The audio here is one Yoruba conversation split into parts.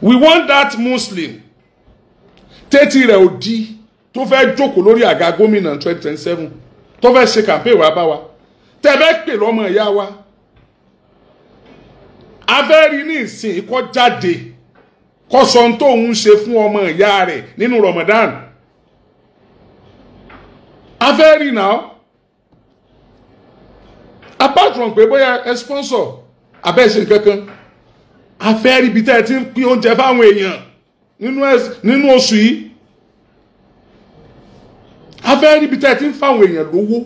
we want that muslim tẹ́tí rẹ̀ ò di tó fẹ́ jókòó lórí àga gómìnà twenty twenty seven tó fẹ́ ṣe campaign wa bá wa tẹ́ fẹ́ pè lọ́mọ ìyá wa abẹ́rí ní ìsìn kó jáde kó sọ ohun tó ń ṣe fún ọmọ ìyá rẹ̀ nínú Ramadan abẹ́rí náà apart from pé bóyá ẹ sponsor abẹ́ ṣe nǹkan kan a fẹ́ ríbi tẹ́ ẹ ti ń pín oúnjẹ fáwọn èèyàn nínú oṣù yìí a fẹ́ ríbi tẹ́ ẹ ti ń fáwọn èèyàn lówó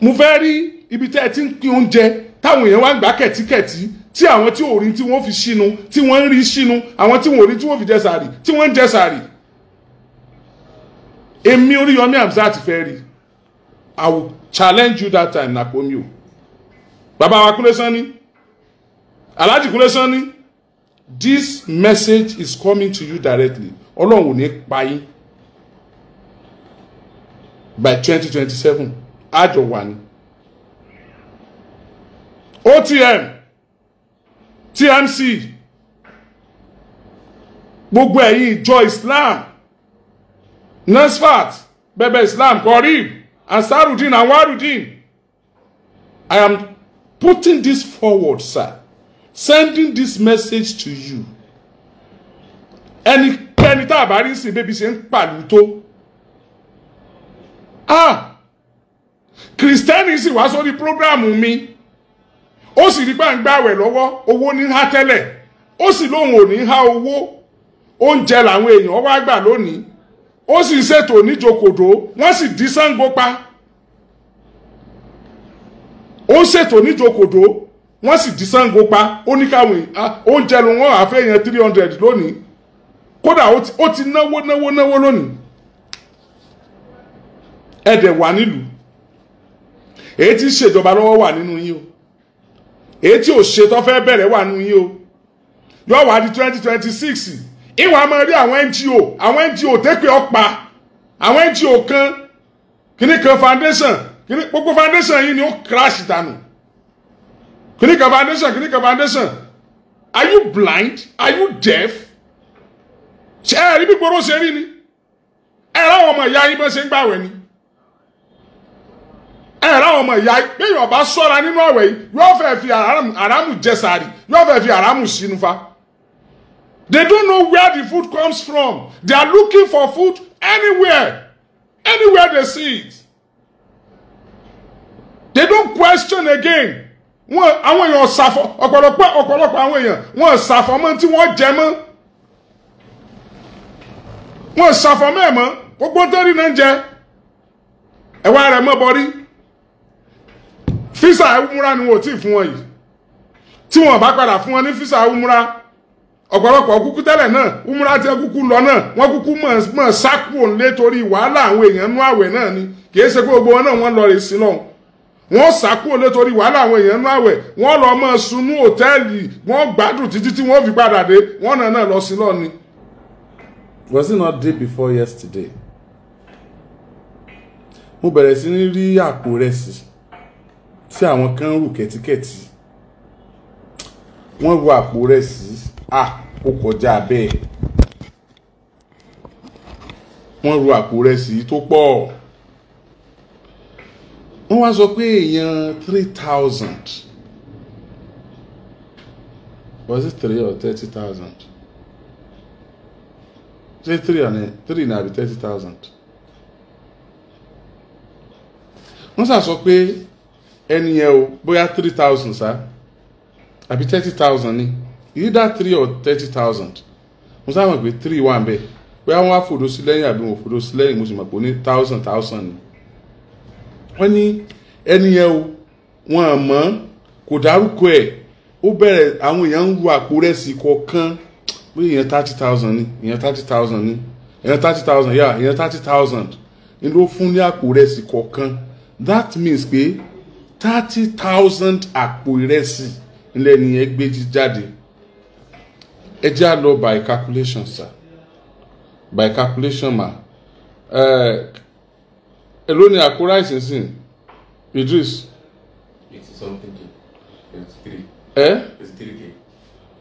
mo fẹ́ rí ibi tẹ́ ẹ ti ń pín oúnjẹ táwọn èèyàn wá ń gbà kẹ̀tíkẹ̀tí tí àwọn tí ò rí tí wọ́n fi ṣínú tí wọ́n ń rí ṣínú àwọn tí wọ́n ò rí tí wọ́n fi jẹ sàárì tí wọ́n ń jẹ sàárì èmi Oríyọmí Hamzat fẹ́ rí i will challenge you that time nakomi o bàbá wa Kúnlé Sanni alhaji kúnlé sanni this message is coming to you directly ọlọ́run ò ní pa yín by twenty twenty seven àjọ wà ní otm tmc gbogbo ẹ̀yin ìjọ islam nasfat bẹ̀bẹ̀ islam korib ansarudin anwarudin i am putting this forward sir sending this message to you ẹnikẹ́ni tá a bá rí sìn bébí ṣe ń pàlù tó ah kìrìsìtẹ́nì sì wá sórí prógráàmù mi ó sì rí gbàǹgbà wẹ̀ lọ́wọ́ owó ní há tẹ́lẹ̀ ó sì lóun ò ní há owó oúnjẹ làwọn èèyàn wá gbà lónìí ó sì ṣètò níjokòdó wọ́n sì dí Ṣàngó pa ó ṣètò níjokòdó wọ́n sì di Ṣàngó pa ó ní káwọn ah, oúnjẹ ló wọ́n àfẹ́ yẹn three hundred lónìí kódà ó ti náwó náwó náwó lónìí ẹ̀dẹ̀ wà nílùú èyí tí ń ṣèjọba lọ́wọ́ wà nínú yín o èyí tí ò ṣe tó fẹ́ bẹ̀rẹ̀ wà nínú yín o yóò wá di twenty twenty six ìwà máa rí àwọn NGO àwọn NGO tẹ́pẹ́ ọ̀pá àwọn NGO kan kìnnìkan foundation kìnnìkan gbogbo foundation yìí ni ó crash dànù kìnìún kan foundation kìnìún kan foundation are you blind are you deaf ṣe ẹ rí bí gbòòrò ṣe rí ni ẹ ráwọn ọmọ ìyá yín bó ṣe ń gbàwẹ̀ ni ẹ ráwọn ọmọ ìyá yín bẹ́ẹ̀ ọba sọ́ra nínú ọ̀wẹ̀ yìí yóò fẹ́ fi àrámù jẹ sàárì yóò fẹ́ fi àrámù sínú fa. They don't know where the food comes from. They are looking for food anywhere. Anywhere they see it. They don't question again wọn àwọn èèyàn ṣàfọ ọ̀pọ̀lọpọ̀ ọ̀pọ̀lọpọ̀ àwọn èèyàn wọn ṣàfọ mọ́ tí wọ́n jẹ mọ́ wọn ṣàfọ mẹ́ẹ̀mọ́ gbogbo tẹ́rì náà ń jẹ ẹ̀wá rẹ̀ mọ́ bọ́rí físà ẹ̀wúmúra ni wọn ò tí ì fún wọn yìí tí wọn bá padà fún wọn ní físà ẹ̀wúmúra ọ̀pọ̀lọpọ̀ kúkú tẹ́lẹ̀ náà umra tí kúkú lọ náà wọ́n kúkú mọ̀ sákùn lé torí wàhálà àwọn èèyàn nú àwẹ̀ náà ni kì í ṣe pé gbogbo wọn náà wọ́n lọ rè sí lọ́hùn wọ́n sá kúrò wàhálà àwọn èèyàn náà wẹ̀ wọ́n lọ mọ́ sunú òtẹ́ẹ̀lì wọ́n gbádùn títí tí wọ́n fi padà dé wọ́n náà náà lọ sí lọ́ni. Was it not day before yesterday? mo bẹ̀rẹ̀ sí ní rí àpò rẹsì tí àwọn kan rù kẹ̀tíkẹ̀tí wọ́n ru àpò rẹsì à ó kọjá bẹ́ẹ̀ wọ́n ru àpò rẹsì tó pọ̀ wọ́n wá sọ pé èèyàn three thousand was it three or thirty thousand ṣé three and three na be thirty thousand wọ́n sà sọ pé ẹni yẹn o bóyá three thousand sá àbí thirty thousand ni that three or thirty thousand mo sábà mọ̀ pé three wà ń bẹ̀ bóyá wọ́n wá fòdó sí lẹ́yìn àbí wọ́n fòdó sí lẹ́yìn mo sì mọ̀ pé ó ní thousand thousand ni wọ́n ní ẹni yẹn o wọn à mọ́ kò dárúkọ ẹ̀ ó bẹ̀rẹ̀ àwọn èèyàn ń ru àpò rẹ̀ sí kọ̀ọ̀kan pé èèyàn thirty thousand ni èèyàn thirty thousand ni èèyàn thirty thousand yà èèyàn thirty thousand ni ló fún ní àpò rẹ̀ sí kọ̀ọ̀kan that means pé thirty thousand àpò ìrẹsì ńlẹ̀ nìyẹn gbé jáde ẹ jẹ́ à lọ by calculation sir by calculation ma. Uh, èló ni àpò ráìsì ń sìn Idris. eighty something k eighty three. ẹ eighty three k.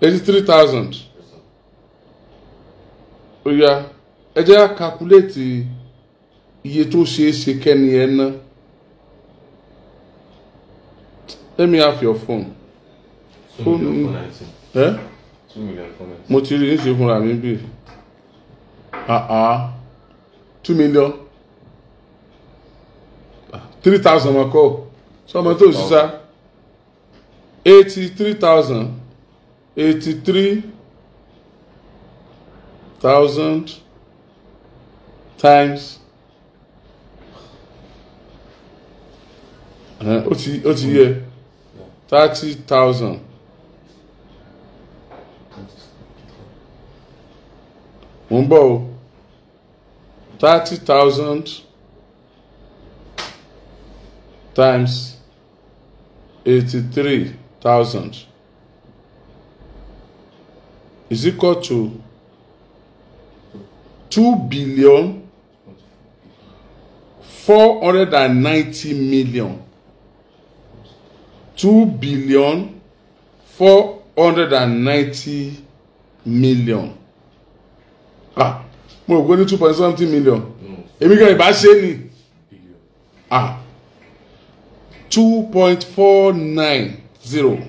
eighty three thousand. ó yá ẹ jẹ́ calculate, iye tó ṣeé ṣe kẹ́ni ẹ ná. let me have your phone. phone ẹ. mo ti rí ní ṣe fúnra mi bí. ah ah two million three thousand wọn kọ́ sọmọ tó ṣiṣá eighty three thousand eighty three thousand times ó ti ó ti yẹ thirty thousand. mo ń bọ̀ o thirty thousand times 83,000 is equal to 2 billion 490 million 2 billion 490 million ah mo rò ní two point something million èmi kẹ́rin bá ṣe é ni ah two point four nine zero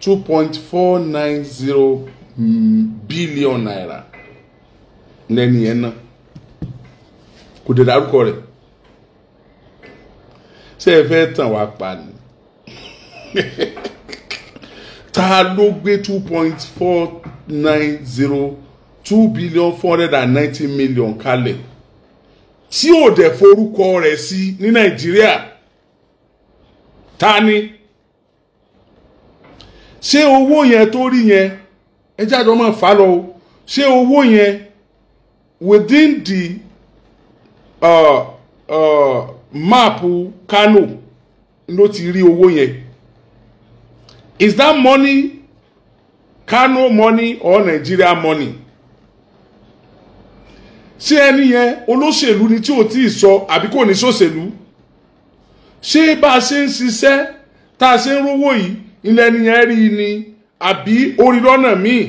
two point four nine zero billion naira lẹ́ni yẹn náà kò dé dárúkọ rẹ̀ ṣé ẹ fẹ́ tàn wá pa ni ta ló gbé two point four nine zero two billion four hundred and ninety million kalẹ̀ tí ò dẹ̀ forúkọ rẹ̀ sí ní nàìjíríà ta ni ṣé owó yẹn tó rí yẹn ẹ jáde ọmọ fà lọ o ṣé owó yẹn within the uh, uh, map Kano ló ti rí owó yẹn is that money Kano money or Nigeria money ṣé ẹni yẹn olóṣèlú ni tí ò tí ì sọ àbí kò ní sóṣèlú. So ṣé bá a ṣe ń ṣiṣẹ́ tá a ṣe ń rówó yìí ilẹ̀ nìyẹn rí i ni àbí orí lọ́nà míì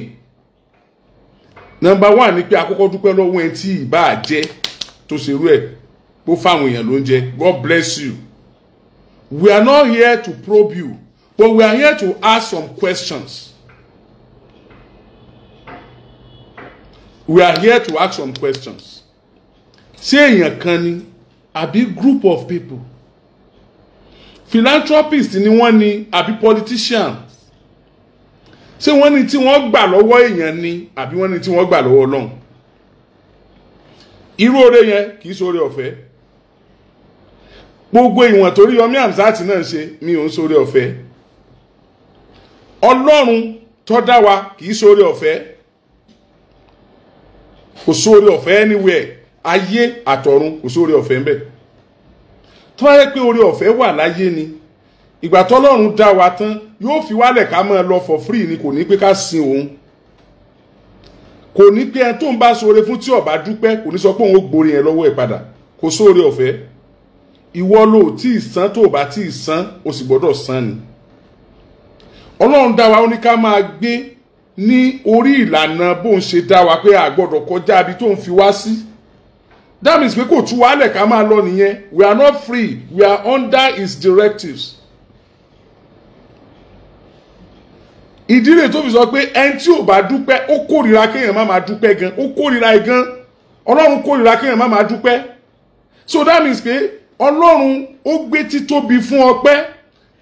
nọ́mbà wà ní pé àkọ́kọ́ dúpẹ́ lọ́wọ́ ẹ tí ì bá a jẹ tó ṣerú ẹ̀ kó fáwọn èèyàn ló ń jẹ God bless you we are not here to probe you but we are here to ask some questions. we are here to ask some questions. ṣé èèyàn kan ni àbí group of people philanthropist ni wọ́n ni àbí politician ṣé wọ́n ní tí wọ́n gbà lọ́wọ́ èèyàn ni àbí wọ́n ní tí wọ́n gbà lọ́wọ́ Ọlọ́run irú oore yẹn kì í ṣoore ọ̀fẹ́ gbogbo ìwọ̀n torí Yomi Hamzat náà ṣe mi ò ń ṣoore ọ̀fẹ́ Ọlọ́run tó dá wa kì í ṣoore ọ̀fẹ́ kò ṣoore ọ̀fẹ́ anywhere ayé àtọ̀run kò ṣoore ọ̀fẹ́ ńbẹ̀ tó bá yẹ pé oore ọ̀fẹ́ wà láyé ni ìgbà tọ́lọ́run dá wa tán yóò fi wálẹ̀ ká máa lọ for free ni kò ní pé ká sin òun kò ní pé ẹni tó ń bá ṣoore fún tí ọba dúpẹ́ kò ní sọ pé òun ó gbórí yẹn lọ́wọ́ ẹ̀ padà kò sóore ọ̀fẹ́ ìwọ ló tí ì san tó o bá tí ì san o sì gbọ́dọ̀ san ni ọlọ́run dá wa ó ní ká máa gbé ní orí ìlànà bó ń ṣe dá wa pé a gbọ́dọ̀ kọjá ibi tó ń fi wá sí. Si that means pé kò tú wálẹ̀ ká máa lọ nìyẹn we are not free we are under his directives. ìdí rẹ̀ tó fi sọ pé ẹni tí ò bá dúpẹ́ ó kórìíra kéèyàn má máa dúpẹ́ gan ó kórìíra ẹ̀ gan ọlọ́run kórìíra kéèyàn má máa dúpẹ́ so that means pé ọlọ́run ó gbé títóbi fún ọpẹ́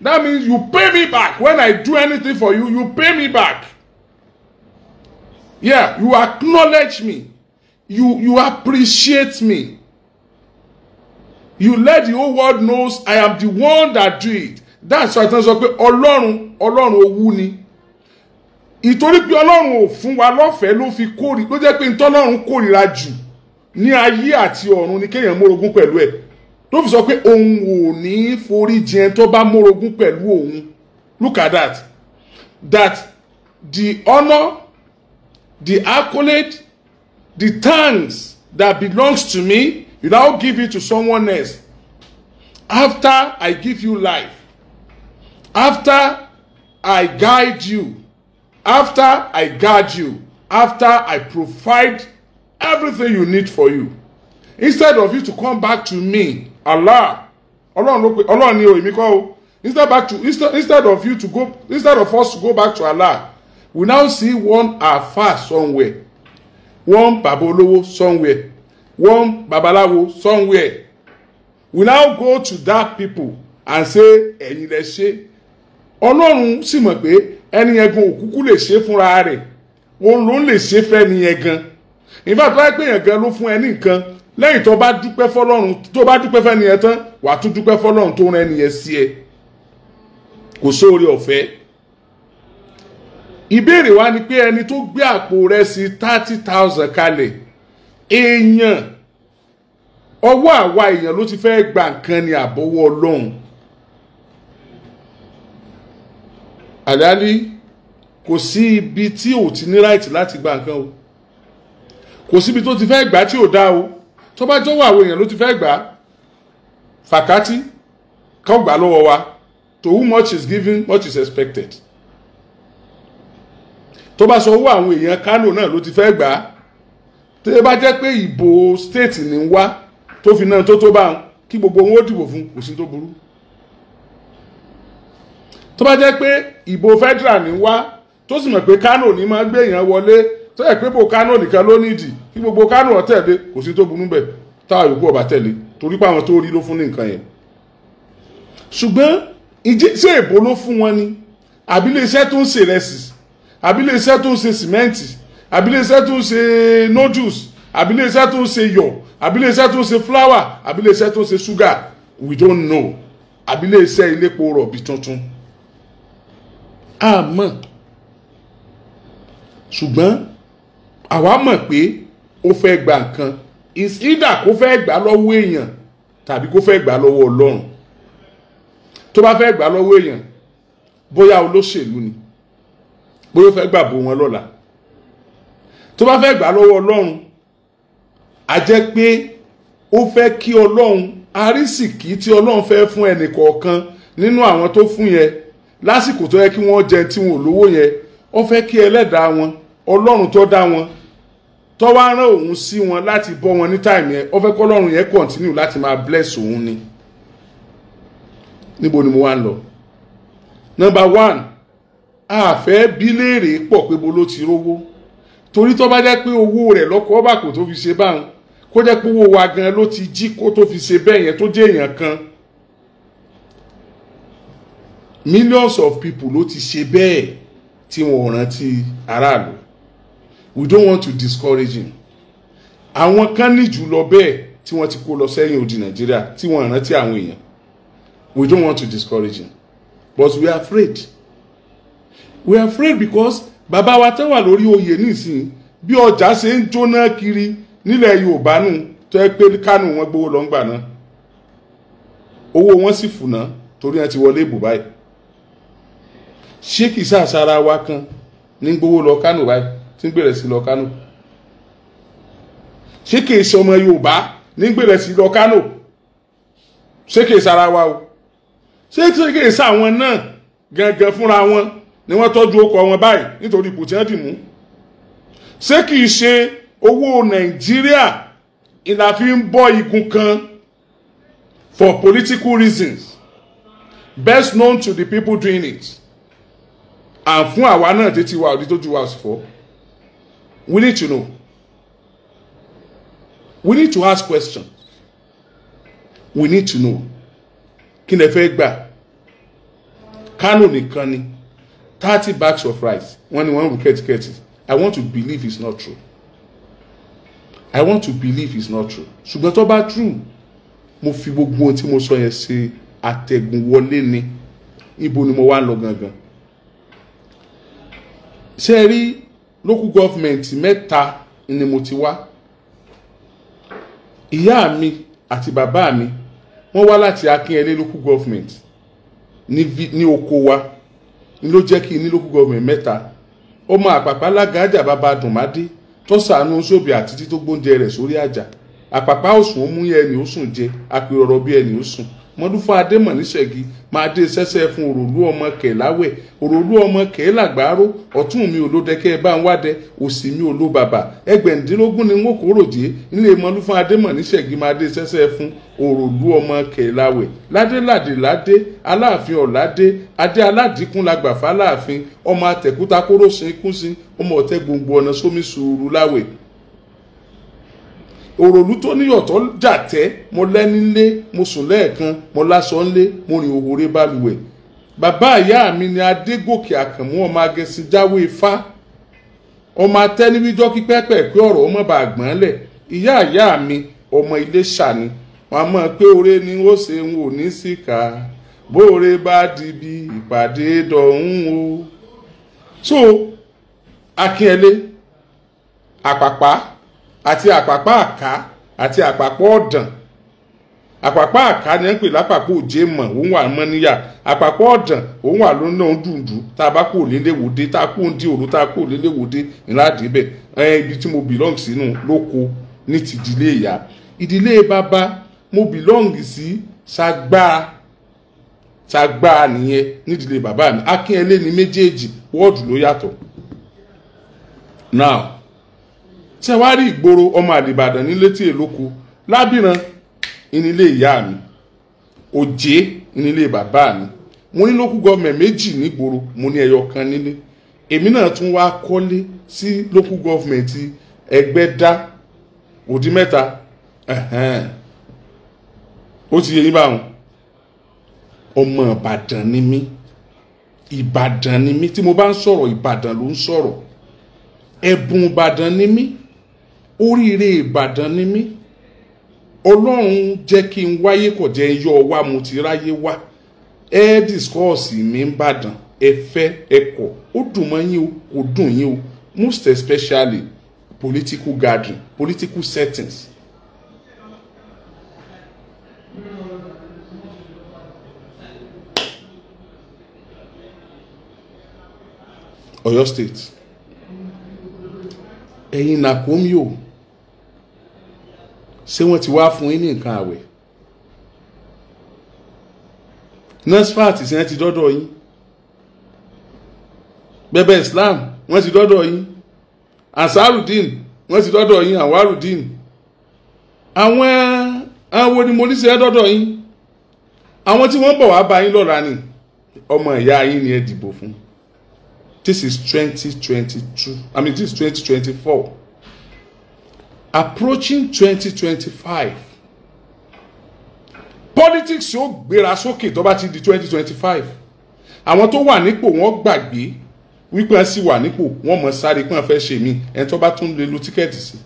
that means you pay me back when I do anything for you you pay me back yeah you acknowledge me you you appreciate me you let the whole world knows i am the one that do it that's why ìtàn sọ pé ọlọ́run ọlọ́run owú ni ìtorí pé ọlọ́run ò fún wa lọ́fẹ̀ẹ́ ló fi kórìí ló jẹ́ pé ntọ́lọ́run kórìíra jù ní ayé àti ọ̀run ni kéèyàn mórogún pẹ̀lú ẹ̀ tó fi sọ pé òun ò ní forí jẹun tó bá mórogún pẹ̀lú òun look at that that the honour the accolade the thanks that belongs to me you now give it to someone else after i give you life after i guide you after i guard you after i provide everything you need for you instead of you to come back to me allah Allah ló pe instead back to instead, instead of you to go instead of us to go back to allah we now see one afar somewhere one baba olowo somewhere one babalawo somewhere we now go to that people and say ẹ̀yin lẹ ṣe ọlọ́run sì mọ̀ pé ẹni yẹn gan òkúkú lè ṣe fúnra rẹ̀ òun ló ń lè ṣe fẹ́ ni yẹn gan ìfà tó wáyé pé yẹn gan ló fún ẹ nǹkan lẹ́yìn tó bá dúpẹ́ fọlọ́run tó bá dúpẹ́ fẹ́ ni yẹn tán wàá tún dúpẹ́ fọlọ́run tó rán ẹni yẹn sí ẹ kò sóore ọ̀fẹ́ ìbéèrè wa ni pé ẹni tó gbé àpò ìrẹsì thirty thousand kalẹ̀ èèyàn ọwọ́ àwa èèyàn ló ti fẹ́ gba nǹkan ní àbọ̀wọ́ ọlọ́run àdáni kò sí ibi tí ò ti ní ráìtì láti gba nǹkan o kò síbi tó ti fẹ́ gbà tí ò dá o tó bá jọ́wọ́ àwọn èèyàn ló ti fẹ́ gbà fàkátì kọ́ gbà lọ́wọ́ wa to whom much is given much is expected tó bá sanwó àwọn èèyàn Kánò náà ló ti fẹ́ gbà á tó bá jẹ́ pé ìbò state ní ń wá tó fi náà tó tó bá kí gbogbo wọn ó dìbò fún kò sí tó burú tó bá jẹ́ pé ìbò federal ní ń wá tó sì mọ̀ pé Kánò ní máa gbé èèyàn wọlé tó yẹ pé bò Kánò nìkan ló nídìí kí gbogbo Kánò ó tẹ̀lé kò sí tó burú bẹ́ẹ̀ táwọn yòókù ọba tẹ̀lé torí pé àwọn tó rí ló fún ní nǹkan yẹn ṣùgbọ́n ṣé èbó ló fún wọn ni àbí iléeṣẹ́ tó ń ṣèrẹsì àbílẹ̀ iṣẹ́ tó ń ṣe sìmẹ́ǹtì àbílẹ̀ iṣẹ́ tó ń ṣe nodules àbílẹ̀ iṣẹ́ tó ń ṣe yọ̀ àbílẹ̀ iṣẹ́ tó ń ṣe flour àbílẹ̀ iṣẹ́ tó ń ṣe sugar we don't know àbílẹ̀ iṣẹ́ iléepo rọ̀bì tuntun àmọ́ ṣùgbọ́n àwa mọ̀ pé ó fẹ́ gba nǹkan is either kó fẹ́ gbà lọ́wọ́ èèyàn tàbí kó fẹ́ gbà lọ́wọ́ ọlọ́run tó bá fẹ́ gbà lọ́wọ́ èèyàn bóyá olóṣèlú ni bóyá ó fẹ́ gbàbó wọn lọ́la tó bá fẹ́ gbà lọ́wọ́ ọlọ́run a jẹ́ pé ó fẹ́ kí ọlọ́run arísìkí tí ọlọ́run fẹ́ fún ẹnì kọ̀ọ̀kan nínú àwọn tó fún yẹn lásìkò tó yẹ kí wọ́n jẹ tí wọn ò lówó yẹn ó fẹ́ kí ẹlẹ́dàá wọn ọlọ́run tó dá wọn tó wá rán òun sí wọn láti bọ́ wọn ní táìmù yẹn ó fẹ́ kọ́ ọlọ́run yẹn kọ̀ntínú láti máa bless òun ni níbo ni mo wá ń lọ. number one àfẹ́ bí léèrè pọ̀ pé bo ló ti rówó torí tó bá jẹ́ pé owó rẹ̀ lọ́kọ́ bá kò tó fi ṣe báwọn kó jẹ́ pé owó wa gan ló ti jí kó tó fi ṣe bẹ́ẹ̀ yẹn tó jẹ́ èèyàn kan millions of people ló ti ṣe bẹ́ẹ̀ tí wọn rántí aráàlú we don't want to discourage him àwọn kan ní jù lọ bẹ́ẹ̀ tí wọ́n ti kó lọ sẹ́yìn odi nàìjíríà tí wọ́n rántí àwọn èèyàn we don't want to discourage him but we are afraid we are afraid because bàbá wa tó wà lórí oyè nísìnyí bí ọjà ṣe ń jóná kiri nílẹ̀ yorùbá nù tó yẹ pé kánù wọn gbowó lọ ń gbà náà owó wọn sì fùnà torí wọn ti wọlé ìbò báyìí ṣé kì í sàṣàrà wa kan ní gbowó lọ kánù báyìí tí ń gbèrè sí lọ kánù ṣé sọmọ yorùbá ní gbèrè sí lọ kánù ṣé kì wa o ṣé sàwọn náà gangan fúnra wọn ni wọ́n tọ́jú ọkọ̀ wọn báyìí nítorí ipò tí wọ́n dì mú ṣé kìí ṣe owó nàìjíríà ìlà fi ń bọ́ igun kan for political reasons best known to the people doing it and fún àwa náà tètè wa òdi tójú wa fọ́ we need to know we need to ask questions we need to know kí ni ẹ fẹ́ gbà kánò nìkan ni thirty bags of rice wọ́n ní wọ́n rù kẹ́tíkẹ́tì i want to believe it's not true i want to believe it's not true ṣùgbọ́n tó bá true mo fi gbogbo ohun tí mo sọ yẹn ṣe àtẹ̀gùn wọlé ni ibo ni mo wá lọ gangan ṣe rí local government mẹ́ta ni mo ti wá ìyá mi àti bàbá mi wọ́n wá láti Akínyẹlé local government ní oko wa ló jẹ́ kí ní lókù gọ́ọ̀mẹ̀ntì mẹ́ta ọmọ àpàpà alágàájà bàbá dùnmádé tó ṣàánú sóbì àti títí tó gbóúnjẹ rẹ̀ sórí àjà àpàpà òsùn ó mú ẹni ó sùn jẹ àpèrọ̀rọ̀ bí ẹni ó sùn mọdúfọ adémọ níṣẹgi máa dé sẹsẹ fún òròlú ọmọ kẹláwẹ òròlú ọmọ kẹlàgbárò ọtún mi olódẹkẹ bá ń wádẹ òsì mi oló bàbà ẹgbẹ̀ndínlógún ni wọn kò ròjé nílé mọdúfọ adémọ níṣẹgi máa dé sẹsẹ fún òròlú ọmọ kẹláwẹ ládéládé ládé aláàfin ọládé adé aládìkún lagbàfà aláàfin ọmọ atẹkútakóró sin kún sin ọmọ ọtẹ gbòǹgbò ọ̀nà sómi sùúrù láwẹ̀ òròlú tó níyọ̀tọ̀ jàtẹ́ mo lẹ́ni lé mo sùn lẹ́ẹ̀kan mo lásọ ńlé mo rìn òhòrè balùwẹ̀ bàbá ìyá mi ni adégòkè àkànmú ọmọ agẹṣin jáwé ifá ọmọ atẹ́niwíjọ́ pípẹ́ pẹ̀pẹ́ ọ̀rọ̀ ọmọ bá gbọ́n lẹ̀ ìyá ìyá mi ọmọ Iléṣà ni wọn mọ̀ pé oore ni ó ṣe ń wò ní síkà bóore bá di bí ìpàdé dọ̀hún o so akínyẹlé àpàpà àti àpàpá àká àti àpàpọ̀ ọ̀dàn àpàpá àká ni wọ́n pè lápapọ̀ òjé mọ̀ òun wà mọ́ níyà àpapọ̀ ọ̀dàn òun wà ló náà dùndú tá a bá kò léléwòde tá a kò ń di òru tá a kò léléwòde ńlá débẹ̀ ẹ̀yìn ibi tí mo belong sínú lóko ní ti ìdílé ìyá ìdílé bàbá mo belong sí Ṣàgbà Ṣàgbà nìyẹn nídìílé bàbá mi Akínyẹlé ni méjèèjì wọ́ọ̀dù ló yàtọ̀ now ṣe wá rí ìgboro ọmọ àdìbàdàn ní létí èlòkù lábìrán ìnílé ìyá mi òjé ìnílé bàbá mi mo ní lókù gọọmẹ̀ méjì nígboro mo ní ẹyọ kan nílé èmi náà tún wá kọ́lé sí lókù gọọmẹ̀ntì ẹgbẹ́dá òdì mẹ́ta ó ti yẹ yín báwọn ọmọ ìbàdàn ni mí ìbàdàn ni mí tí mo bá ń sọ̀rọ̀ ìbàdàn ló ń sọ̀rọ̀ ẹ̀bùn ìbàdàn ni mí oríire ìbàdàn ni mí ọlọ́run jẹ́ kí n wáyé kò jẹ́ yọ wá mo ti ráyé wá ẹ discourse mi ń bàdàn ẹ fẹ́ ẹ kọ̀ ó dùn mọ́ yín o kò dùn yín o most especially political gathering political settings. Ọ̀yọ́ state ẹ̀yin nàkómi o ṣé wọ́n ti wá fún yín ní nǹkan àwẹ̀ NASFAT sí wọ́n ti dọ́dọ̀ yín bẹ́bẹ́ Islam wọ́n ti dọ́dọ̀ yín asarudin wọ́n ti dọ́dọ̀ yín awarudin àwọn àwọn wo ni mo ní sí ẹ dọ́dọ̀ yín àwọn tí wọ́n bọ̀ wá bá yín lọ́ra ni ọmọ ìyá yín ni ẹ dìbò fún this is twenty twenty two i mean this is twenty twenty four approaching 2025, politics yóò gbéra sókè tó bá ti di 2025. twenty five àwọn tó wà nípò wọ́n gbàgbé wípé wọ́n sì wà nípò wọ́n mọ̀ sáré pé wọ́n fẹ́ ṣe mí ẹni tó bá tún lè lo tíkẹ́ẹ̀tì sí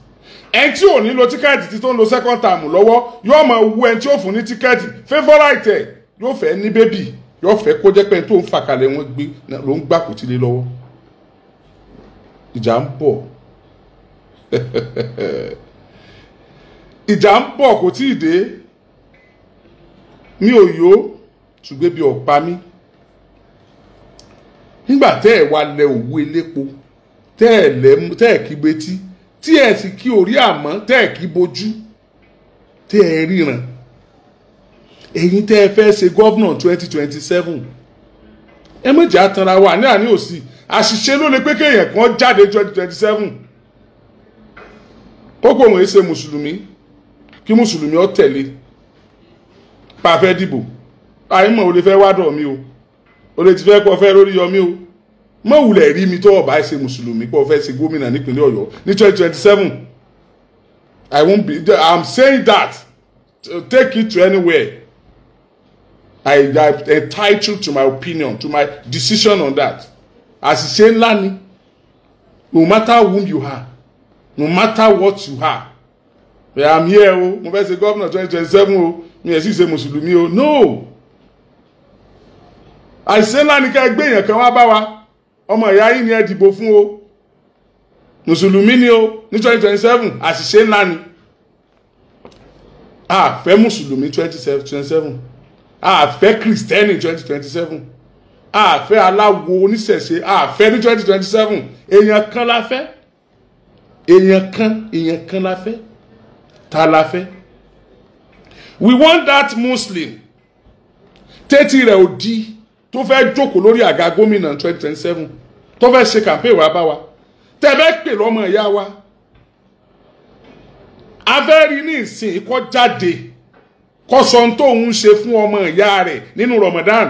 ẹni tí ò ní lo tíkẹ́ẹ̀tì tí tó ń lo second term lọ́wọ́ yóò máa wú ẹni tí ó fún ní tíkẹ́ẹ̀tì favourite ẹ̀ yóò fẹ́ ní bébì yóò fẹ́ kó jẹ́ pé ẹni tó ń fàkalẹ̀ wọn gbé ló ń gbàkútì lé lọ́wọ́ ìjà ń bọ̀ ìjà ń bọ̀ kò tí ì dé mi ò yó ṣùgbọ́n ebi ò pa mí nígbà tẹ́ ẹ̀ wá lẹ òwú elépo tẹ́ ẹ̀ lẹ tẹ́ ẹ̀ kí betí tí ẹ̀ sì kí orí àmọ́ tẹ́ ẹ̀ kí bojú tẹ́ ẹ̀ ríran èyí tẹ́ ẹ fẹ́ ṣe gọ́vnà twenty twenty seven ẹ méjì àtàrà wà ní àní òsì àṣìṣe ló lè pé kéèyàn kan jáde twenty twenty seven ó pò wọ́n ṣe mùsùlùmí kí mùsùlùmí ó tẹ̀lé pàfẹ́ dìbò àìmọ̀ ò lè fẹ́ wádọ̀ mi o ò lè ti fẹ́ kọ́ fẹ́ lórí yọmí o mọ̀ wulẹ̀ rí mi tó ọ̀bá ṣe mùsùlùmí kọ́ fẹ́ ṣe gómìnà nípínlẹ̀ ọ̀yọ́ ní twenty twenty seven i won't be i'm saying that take it to anywhere i am entitled to my opinion to my decision on that As àṣìṣe ńlá ni no matter whom you are no matter what you have, pé i'm here o oh. mo fẹ́ ṣe gómìnà twenty twenty seven o oh. mi ẹ̀ sì ṣe mùsùlùmí o oh. no àìsè ńlá ni ká ẹ gbé èèyàn kan wá bá wa ọmọ ìyá yìí ni ẹ dìbò fún o mùsùlùmí ni o ní twenty twenty seven àṣìṣe ńlá ni a fẹ́ mùsùlùmí twenty twenty seven a fẹ́ kristẹni twenty twenty seven a fẹ́ aláwo oníṣẹ̀ṣe a fẹ́ ní twenty twenty seven èèyàn kan la fẹ́ èèyàn kan èèyàn kan la fẹ́ ta la fẹ́ we want that muslim tẹ́tí rẹ̀ ò di tó fẹ́ jókòó lórí àga gómìnà twenty twenty seven tó fẹ́ ṣe campaign wá bá wa tẹ́ fẹ́ pè lọ́mọ ìyá wa abẹ́rí ní ìsìn kó jáde kó sọ ohun tó ń ṣe fún ọmọ ìyá rẹ̀ nínú Ramadan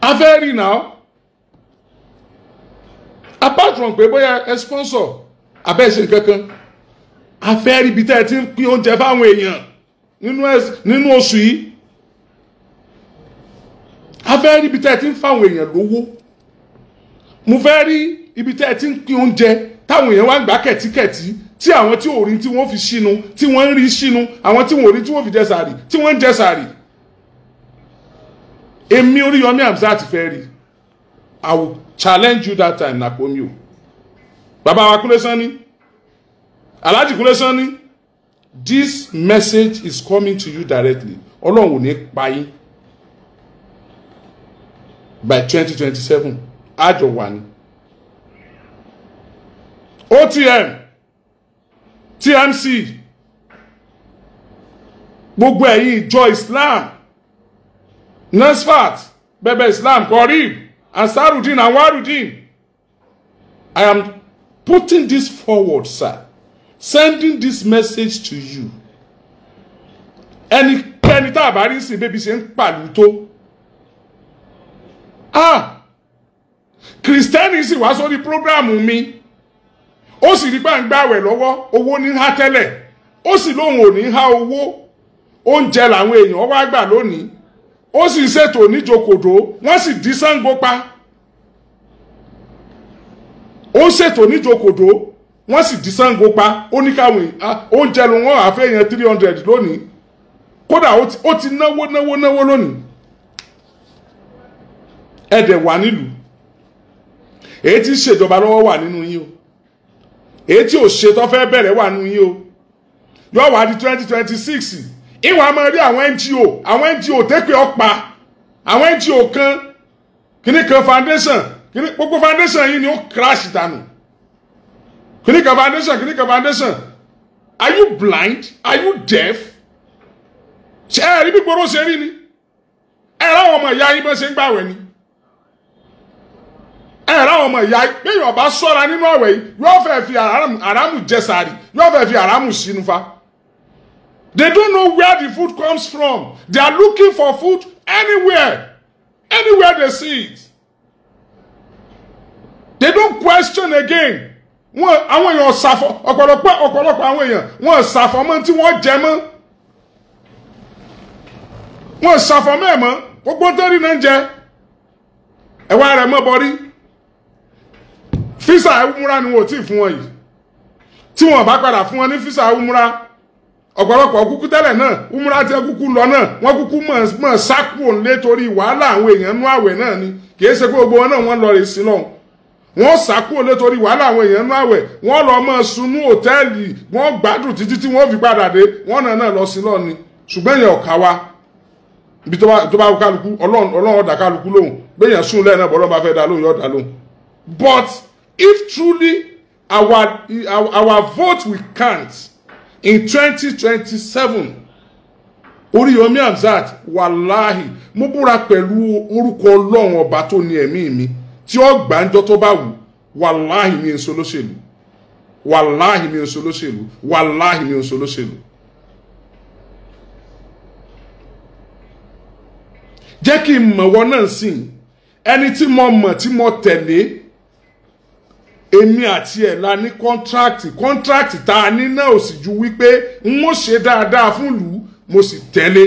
abẹ́rí náà apart from pé bóyá ẹ sponsor abẹ́ẹ̀sẹ̀ kankan afẹ́ ríbi tẹ́ ẹ ti ń pín oúnjẹ fáwọn èèyàn nínú oṣù yìí afẹ́ rí ibi tẹ́ ẹ ti ń fáwọn èèyàn lówó mo fẹ́ rí ibi tẹ́ ẹ ti ń pín oúnjẹ táwọn èèyàn wá ń gbà kẹ̀tíkẹ̀tí tí àwọn tí ò rí tí wọ́n fi sínú tí wọ́n ń rí sínú àwọn tí wọ́n ò rí tí wọ́n fi jẹ sàárì tí wọ́n ń jẹ sàárì èmi Oríyọmí Hamzat fẹ́ rí àwọ̀ challenge you that time na pomi o baba wa Kúnlé Sanni Alhaji Kúnlé Sanni this message is coming to you directly Ọlọ́run ò ní pa yín by twenty twenty seven àjọ wà ní OTM TMC gbogbo ẹ̀yin ìjọ Islam NASFAT bẹ̀bẹ̀ Islam Qorib Asarudin, Awarudin, I am putting this forward, sir. Sending this message to you. Ẹnikẹ́ni tá a bá rí sí bébí ṣe ń pàlú tó. on ah! the program with me. prógráàmù mi. Ó sì rí gbàǹgbà Owo ni owó ní há tẹ́lẹ̀. Ó sì lóun owo. ní há owó. Oúnjẹ làwọn èèyàn wá gbà lónìí ó sì ń ṣètò níjokòdó wọ́n sì dí Ṣàngó pa ó ń ṣètò níjokòdó wọ́n sì dí Ṣàngó pa ó ní káwọn oúnjẹ ló wọ́n àfẹ́ yẹn three hundred lónìí kódà ó ti náwó náwó náwó lónìí ẹ̀dẹ̀ wà nílùú èyí tí ń ṣèjọba lọ́wọ́ wà nínú yín o èyí tí ò ṣe tó fẹ́ bẹ̀rẹ̀ wà nínú yín o yóò wá di twenty twenty six ìwà máa rí àwọn ngo àwọn ngo tẹ́pẹ́ ọ̀pá àwọn ngo kan kìnnì kan foundation kìnnì gbogbo foundation yìí ni ó crash dànù kìnnì kan foundation kìnnì kan foundation are you blind are you deaf ṣe ẹ rí bí gbòòrò ṣe rí ni ẹ ráwọn ọmọ ìyá yín bá ṣe ń gbàwẹ̀ ni ẹ ráwọn ọmọ ìyá yín bí Yorùbá ṣọ́ra nínú ọ̀wẹ̀ yìí yóò fẹ́ fi àràmù jẹ sàárì yóò fi àràmù sínú fa. They don't know where the food comes from. They are looking for food anywhere. Anywhere they see it. They don't question again. Wọ́n àwọn èèyàn ṣàfọ̀ ọ̀pọ̀lọpọ̀ ọ̀pọ̀lọpọ̀ àwọn èèyàn wọ́n ṣàfọ̀ mọ́ tí wọ́n jẹ mọ́. Wọ́n ṣàfọ̀ mọ́ ẹ̀ mọ́ gbogbo tẹ́rì náà ń jẹ. Ẹ̀wá rẹ̀ mọ́ bọ́rí. Físà ẹ̀wúmúra ni wọn ò tí ì fún wọn yìí. Tí wọn bá padà fún wọn ní físà ẹ̀wúmúra ọ̀pọ̀lọpọ̀ kúkú tẹ́lẹ̀ náà umra tí kúkú lọ náà wọ́n kúkú mọ̀ sákò lé wàhálà àwọn èèyàn nú àwẹ̀ náà ni kì ṣe pé gbogbo wọn náà wọ́n lọ rè sí lọ́hùn wọ́n sákò lé wàhálà àwọn èèyàn nú àwẹ̀ wọ́n lọ mọ̀ sunú òtẹ́ẹ̀lì wọ́n gbádùn títí tí wọ́n fi padà dé wọ́n náà náà lọ sí lọ́ọ̀ ni ṣùgbọ́n yẹn ọ̀ka wa ibi tó bá kálukú ọlọ́run ọ̀dà but if truly our, our vote we count in 2027 oríyomi hamzat wàláhì mo búra pẹ̀lú orúkọ ọlọ́run ọba tó ní ẹ̀mí mi tí ó gbàǹjọ tó bá wù wàláhì mi ń solóṣèlú wàláhì mi ń solóṣèlú wàláhì mi ń solóṣèlú. jẹ́ kí n mọ̀ náà sìn ẹni tí mo mọ̀ tí mo tẹ̀lé èmi àti ẹ̀ la ní kọ́ńtráàtì kọ́ńtráàtì tá a ní náà ò sì ju wípé n ó ṣe dáadáa fún ìlú mo sì tẹ̀lé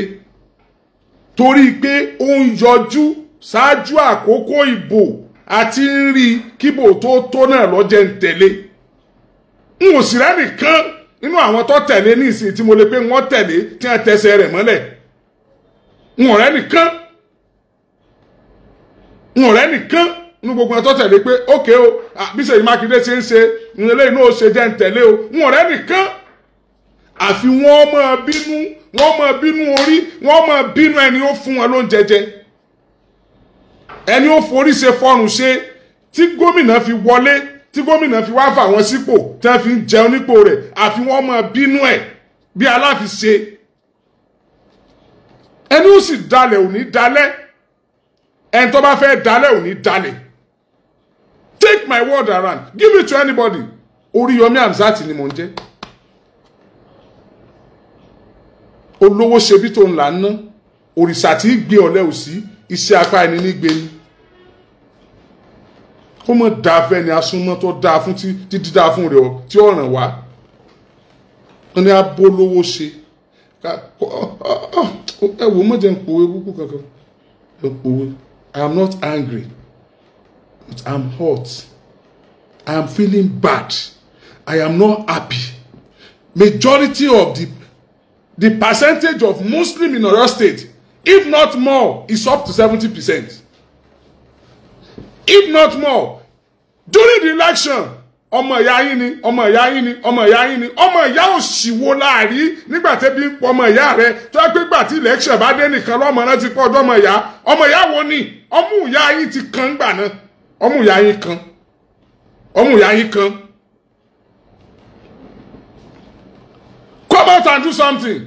torí pé ó ń yọjú ṣáájú àkókò ìbò àti ń rí kíbò tó tó náà lọ́jẹ́ ń tẹ̀lé n ò sì rẹ́nìkan nínú àwọn tó tẹ̀lé ní ìsìn tí mo lè pé wọ́n tẹ̀lé tí wọ́n tẹsẹ̀ rẹ̀ mọ́lẹ̀ n ò rẹ́nìkan n ò rẹ́nìkan nínú gbogbo ẹ̀ tó tẹ̀lé pé ókè o bíṣe ìmákindé ṣe ń ṣe ìrẹ̀lẹ̀ inú ó ṣe jẹ́ o wọn ọ̀rẹ́ nìkan àfi wọ́n máa bínú wọ́n máa bínú orí wọ́n máa bínú ẹni ó fún wọn lóúnjẹ jẹ ẹni ó forí ṣe fọrùn ṣe tí gómìnà fi wọlé tí gómìnà fi wá fà wọ́n sípò tí wọ́n fi ń jẹun nípò rẹ̀ àfi wọ́n máa bínú ẹ̀ bí aláfiṣe ẹni ó sì dalẹ̀ ò ní dalẹ̀ ẹni tó bá fẹ́ dalẹ̀ ò ní Take my word around give it to anybody Oríyọmí Hamzat ni mo ń jẹ́ olówó ṣebí tó ń là ń ná òrìṣà tí gbé ọ̀lẹ òsì iṣẹ́ apá ẹni nígbe ni kó mọ̀ dáa fẹ́ ni asúnmọ́ tó dáa fún tí dídá fún rẹ̀ ọ tí ọ̀ràn wá ní abólówó ṣe ẹ wò mọ̀jẹ̀ ń pòwe púpọ̀ kankan ẹ pòwe I am not angry. I'm hot. I am feeling bad. I am not happy. Majority of the the percentage of Muslim in Oyo State, if not more, is up to 70%. If not more, during the election, ọmọ ìyá yín ni ọmọ ìyá yín ni ọmọ ìyá yín ni ọmọ ìyá òṣìwò láàrí nígbà tẹ́bí ń pọ ọmọ ìyá rẹ tó yẹ pé gbà tí election bá dé nìkan lọ́mọ náà ti pọ̀ ọdọ́ ọmọ ìyá ọmọ ìyá wo ni ọmú ìyá yín ti kàn gbà náà ọmú ìyá yín kan ọmú ìyá yín kan come out and do something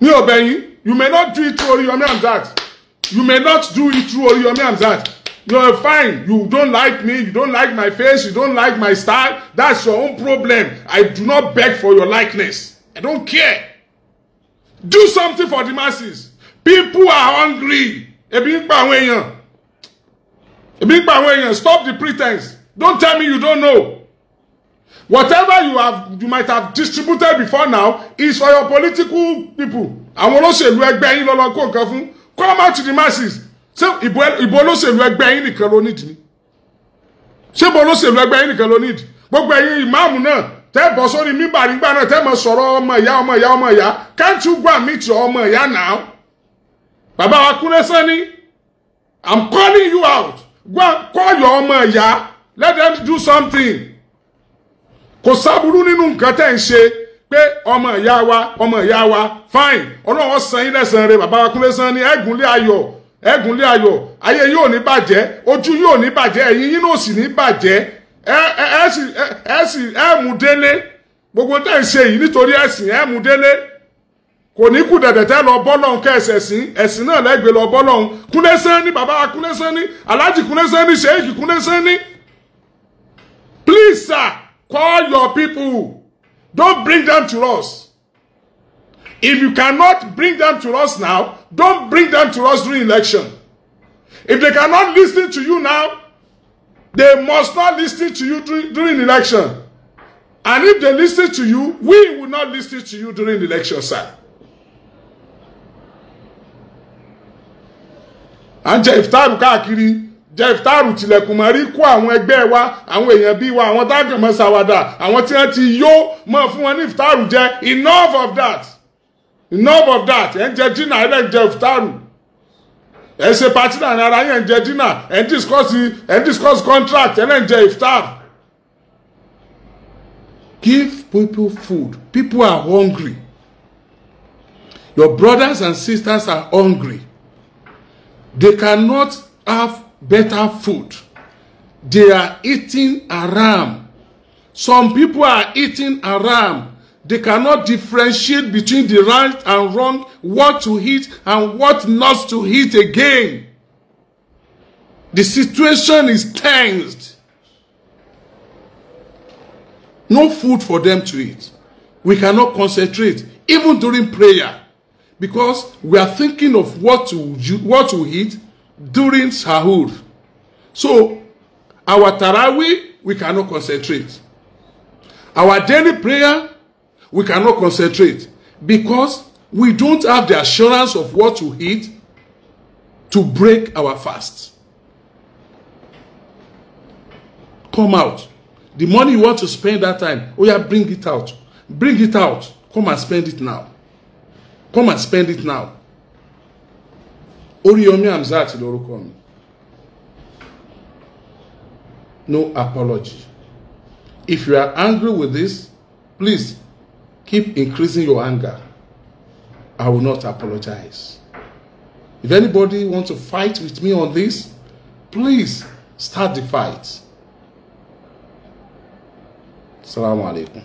ní ọbẹ̀ yín you may not do it through Oriyomi Hamzat you may not do it through Oriyomi Hamzat you are fine you don't like me you don't like my face you don't like my style that's your own problem I do not beg for your likeness I don't care do something for the masses people are hungry ebi ń pa àwọn èèyàn èmi gba àwọn stop the pretense don't tell me you don't know whatever you have you might have distributed before now is for your political people àwọn olóṣèlú ẹgbẹ́ yín lọ́lọ́ kó nǹkan fún come out to the masses So, ìbò olóṣèlú ẹgbẹ́ yín nìkan ló nídìí ni ṣé ìbò olóṣèlú ẹgbẹ́ yín nìkan ló nídìí gbogbo ẹ̀yin ìmáàmù náà tẹ́ bọ́ sórí mímbà nígbà náà tẹ́ mọ̀ sọ̀rọ̀ ọmọ ìyá ọmọ ìyá ọmọ can't you go and meet your ọmọ ìyá now bàbá i'm calling you out go call your ọmọ ìyá let them do something kò sábúrú nínú nǹkan tẹ̀ ń ṣe pé ọmọ ìyá wa ọmọ ìyá wa fine ọlọ́run san yín lẹ́sàn-án rẹ̀ bàbá wa kúnlé san ni ẹ̀gúnlé ayọ̀ ẹ̀gúnlé ayọ̀ ayé yóò ní bàjẹ́ ojú yóò ní bàjẹ́ ẹ̀yìn yín náà sì ní bàjẹ́ ẹ ẹ ẹ sì ẹ sì ẹ mú délé gbogbo tẹ̀ ń ṣe yìí nítorí ẹ̀sìn ẹ mú délé kò ní kù dẹ̀dẹ̀ tẹ́ lọ bọ́ lọ́hún sí ẹ̀sìn náà lẹ́gbẹ̀ẹ́ lọ bọ́ lọ́hún Kúnlé Sàní bàbá Kúnlé alhaji Kúnlé Sàní sheikh Kúnlé Sàní please sir call your people don't bring them to us if you cannot bring them to us now don't bring them to us during election if they cannot listen to you now they must not listen to you during, during election and if they listen to you we will not listen to you during election sir. à ń jẹ ìfitárù káàkiri jẹ ìfitárù tilẹ̀kùn mọ́ rí kó àwọn ẹgbẹ́ wa àwọn èèyàn bíi wa àwọn táàgì mọ́ ṣàwàdà àwọn tí wọ́n ti yó mọ́ fún wọn ní ìfitárù jẹ enough of that enough of that ẹ̀ ń jẹ dínà ẹ̀ ń jẹ ìfitárù ẹ̀ ń ṣe pàtí náà ní ara yẹn ń jẹ dínà ẹ̀ ń discuss ẹ̀ ń discuss contract ẹ̀ ń jẹ ìfitárù. Give people food. People are hungry. Your brothers and sisters are hungry. They cannot have better food. They are eating haram. Some people are eating haram. They cannot differentiate between the right and wrong, what to eat and what not to eat again. The situation is tensed. No food for them to eat. We cannot concentrate even during prayer. because we are thinking of what to what to eat during sahur. So our tarawih we cannot concentrate. Our daily prayer we cannot concentrate because we don't have the assurance of what to eat to break our fast. Come out. The money you want to spend that time, oh yeah, bring it out. Bring it out. Come and spend it now. come and spend it now Oríyọmí Hamzat lórúkọ mi no apology if you are angry with this please keep increasing your anger I will not apologize if anybody want to fight with me on this please start the fight. Assalamu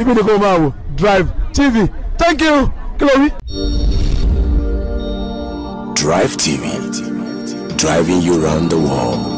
ibi ni kò máa wò Drive TV thank you kí wí. Drive TV, driving you round the world.